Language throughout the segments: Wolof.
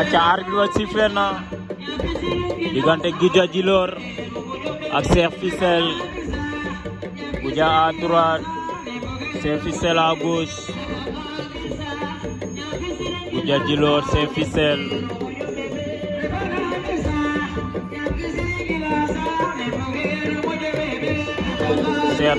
acca arbitre wa sifflé na diggante Goudia Djilor ak Cheikh Fissel Goudia à droite Cheikh Fissel à gauche Goudia Djilor Cheikh Fissel Cheikh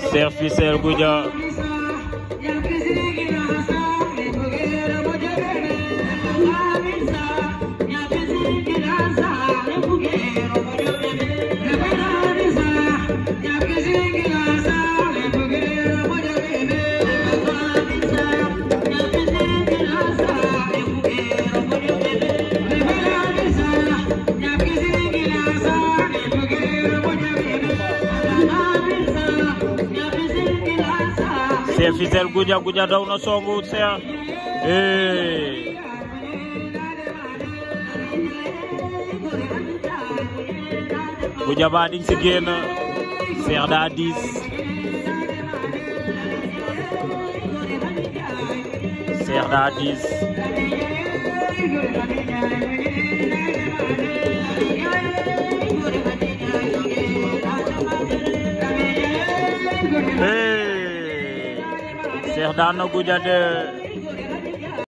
Cheikh Fissel Goudia Thank you. Cheikh Fissel Goudia Goudia daw na songu Cheikh eh Goudia ba di ci génn Cheikh daa diis Cheikh daa diis Cheikh daan na Goudia 2